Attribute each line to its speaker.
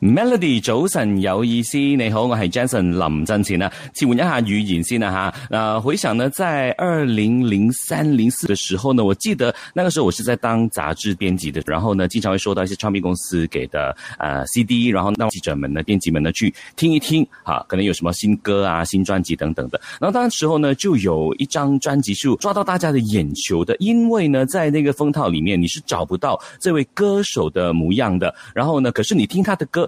Speaker 1: Melody 周晨姚一思，你好，我係 Jason 林振前呢，請問一下語言欣呢？哈、啊，呃，回想呢，在二零零三零四的時候呢，我記得那個時候我是在當雜誌編輯的，然後呢，經常會收到一些唱片公司給的呃 CD，然後讓記者們呢、編輯們呢去聽一聽，啊，可能有什麼新歌啊、新專輯等等的。然後當時候呢，就有一張專輯是抓到大家的眼球的，因為呢，在那個封套裏面你是找不到這位歌手的模樣的，然後呢，可是你聽他的歌。